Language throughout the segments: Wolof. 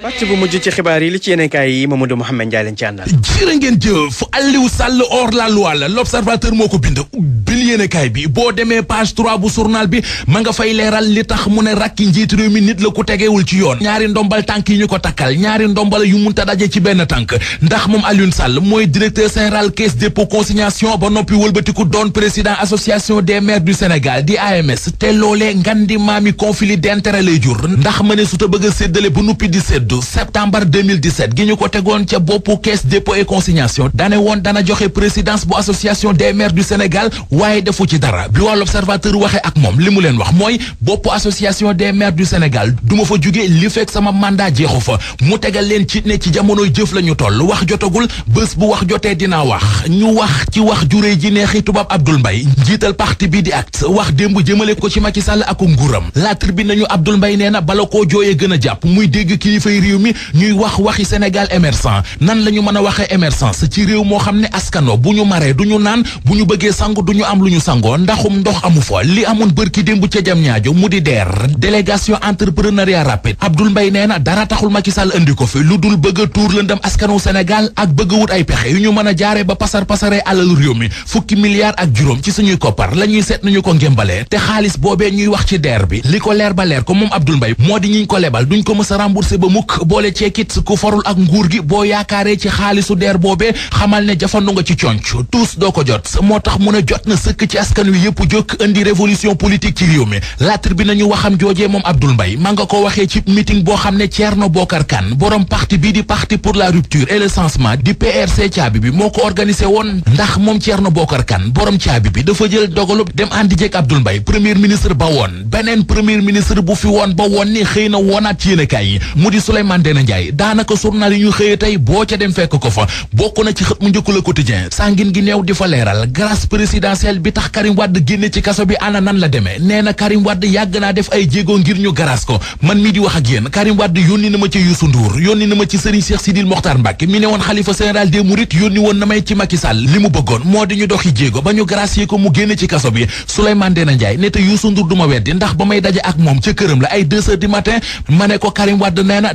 pàcc bu mujj ci xibaar yi li ci yeneen kaay yi Mamadou Mouhamed Ndiaye leen ci àndal. jërë ngeen jëf Aliou Sall hors la loi la l'observateur moo ko bind bil yéen bi boo demee page trois bu journal bi ma nga fay leeral li tax mu ne rakki njiit réew mi nit la ku tegewul ci yoon ñaari ndombal tànk yi ñu ko takkal ñaari ndombal yu mun munta daje ci benn tànk ndax moom Aliou Sall mooy directeur général caisse dépôt consignation ba noppi wëlbatiku doon président association des maires du Sénégal di AMS te loolee ngan di maami conflit d'intérêt lay jur ndax ma su ta bëgg a ba noppi di sédd dëddu septembre 2017 gi ñu ko tegoon ca boppu caisse dépôt et consignation dane woon dana joxe présidence bu association des maires du Sénégal waaye defu ci dara bi wàllu observateur waxee ak moom li mu leen wax mooy boppu association des maires du Sénégal du ma fa jugee li fekk sama mandat jeexu fa mu tegal leen ci ne ci jamonoy jëf la ñu toll wax jotagul bés bu wax jotee dinaa wax ñu wax ci wax juree ji neexi tubaab Abdoul mbay njiital parti bi di acte wax démb jëmale ko ci Macky Sall ak nguuram la tribune nañu Abdoul Mbaye nee na bala koo jooyee a jàpp ci réew mi ñuy wax waxi Sénégal émergent nan la ñu mën a waxee émergence ci réew moo xam ne askano bu ñu maree du ñu naan bu ñu bëggee sangu du ñu am lu ñu sangoo ndaxum ndox amu fa li amoon bërki démb ca jam ñaajo mu di deer délégation entrepreneuriat rapide Abdoul Mbaye nee na dara taxul Macky Sall indi ko fi lu dul bëgg a tuur lëndam askanu Sénégal ak bëgg wut ay pexe yu ñu mën a jaaree ba pasar pasaree àlalu réew mi fukki milliards ak juróom ci suñuy koppar la ñuy seet nañu ko ngémbalee te xaalis boobee ñuy wax ci deer bi li ko leer ba leer ba mukk boole ceekit ku farul ak nguur gi boo yaakaaree ci xaalisu deer boobee xamal ne jafandu nga ci conc tous doo ko jot moo tax mun a jot na sëkk ci askan wi yëpp jóg indi révolution politique ci réew mi la bi ñu waxam joojee moom Abdoul mbay ma nga ko waxee ci meeting boo xam ne Thierno Bokar Kane borom parti bii di parti pour la rupture et le changement di PRC caabi bi moo ko organisé woon ndax moom ceer Thierno Bokar Kane borom caabi bi dafa jël dogalub dem àndi jeeg Abdoul Mbaye premier ministre ba woon beneen premier ministre bu fi woon ba woon ni xëy na woonaat yéen a kaay yi Souleymane Ndéné Ndiaye daanaka journal yi ñu xëyee tey boo ca dem fekk ko fa bokk na ci xët mu njëkk la quotidien sàngin gi neew di fa leeral grâce présidentielle bi tax Karim Wade génne ci kaso bi ana la demee nee Karim Wade yàgg naa def ay jéego ngir ñu grâce ko man mii di wax ak yéen Karim Wade yónni na ma ci Youssou Ndour yónni na ma ci Serigne Cheikh Sidil Mokhtar Mbacké mi ne woon xalifa général des Mourides yónni woon na may ci Macky li ba ñu gracier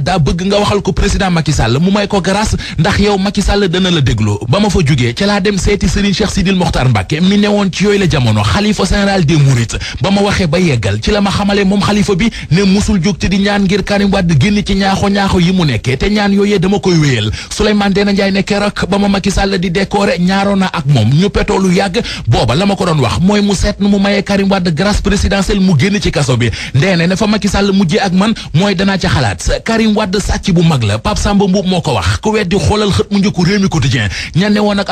daa bëgg nga waxal ko président Macky Sall mu may ko grâce ndax yow Macky Sall dana la déglu ba ma fa jugee ca laa dem seeti Serigne Cheikh Sidil Mokhtar Mbacke mi newoon ci yooyu la jamono xalifa général des Mourides ba ma waxee ba yeggal ci la ma xamale moom xalifa bi ne musul jóg te di ñaan ngir Karim Wade génn ci ñaaxo ñaaxo yi mu nekkee te ñaan yooyee dama koy wéyal Souleymane Dena Ndiaye ne keroog ba ma Macky Sall di décorer ñaaroon na ak moom ñu petoo yàgg booba la ma ko doon wax mooy mu seet nu mu mayee Karim Wade grâce présidentielle mu génn ci kaso bi ndeene ne fa Macky man mooy danaa ca xalaat Karim Karim Wade sàcc bu mag la Pape Samba Mboup moo ko wax ku weddi xoolal xët mu njëkku réew mi quotidien ña ne woon ak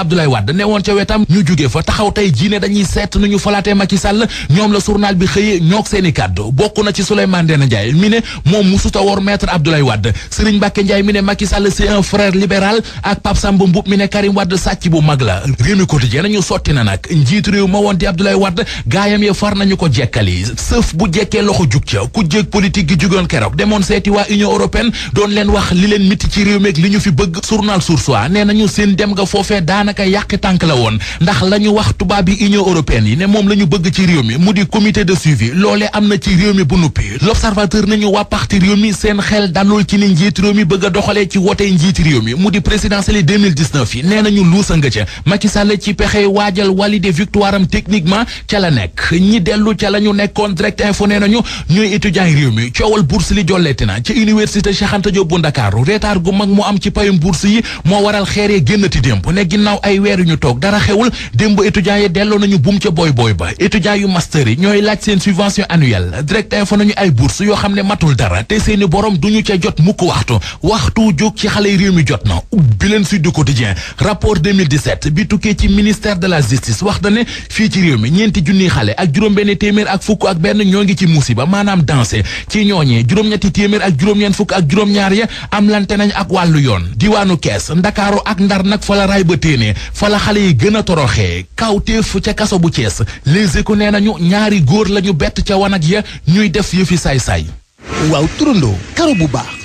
ñu jógee fa taxaw tey jii ne dañuy seet nu ñu falaatee Macky Sall ñoom la journal bi xëyee ñoog seen i kàddu bokk na ci Souleymane Ndéné Ndiaye mi ne moom musuta wor maître Abdoulaye Wade Serigne Mbacké Ndiaye mi ne Macky Sall c'est un frère libéral ak Pape Samba mi ne Karim Wade sàcc bu mag la réew mi quotidien nañu na nag njiitu réew ma woon di Abdoulaye Wade gaayam ya far nañu ko jekkali sëf bu jekkee loxo jug ca ku jéeg politique gi jugoon keroog demoon seeti waa Union européenne doon leen wax li leen miti ci réew meeg li ñu fi bëgg journal Source A nee nañu seen dem nga foofee daanaka yàqi tànk la woon ndax lañu wax tubaab yi union européenne yi ne moom la ñu bëgg ci réew mi mu di comité de suivi loolee am na ci réew mi bu nuppi l'observateur nañu waa parti réew mi seen xel dalul ci ni njiit réew mi bëgg doxalee ci wote njiit réew mi mu di présidentielle 2019 yi nee nañu luusa nga ca Macky Sall ci pexe waajal valider victoire am techniquement ca la nekk ñi dellu ca la ñu nekkoon direct info nee nañu ñooy étudiant réew mi coowal bourse li jolleeti na ci université Cheikh Anta Diop bu Ndakaaru retard gu mag mu am ci payum bourse yi moo waral xeeree yi génnati démb ne ginnaaw ay weer yu ñu toog dara xewul démb étudiants yi delloo nañu buum ca booy booy ba étudiants yu master yi ñooy laaj seen subvention annuelle direct info nañu ay bourse yoo xam ne matul dara te seeni borom du ñu ca jot mukk waxtu waxtu jóg ci xale réew mi jot na ubbi leen Sud Quotidien rapport 2017 bi tukkee ci ministère de la justice wax da ne fii ci réew mi ñeenti junniy xale ak juróom-benn téeméer ak fukk ak benn ñoo ngi ci musiba maanaam dansé ci ñooñee juróom-ñetti téeméer fukk ak juróom-ñaar ya am lante nañ ak wàllu yoon diwaanu kees ndakaaru ak ndar nag fa la raay ba téenee fa la xale yi gën a toroxee kawteef ca kaso bu Cees Les Échos nee nañu ñaari góor la ñu bett ca wanag ya ñuy def yëfi saay-saay waaw turandoo karo bu baax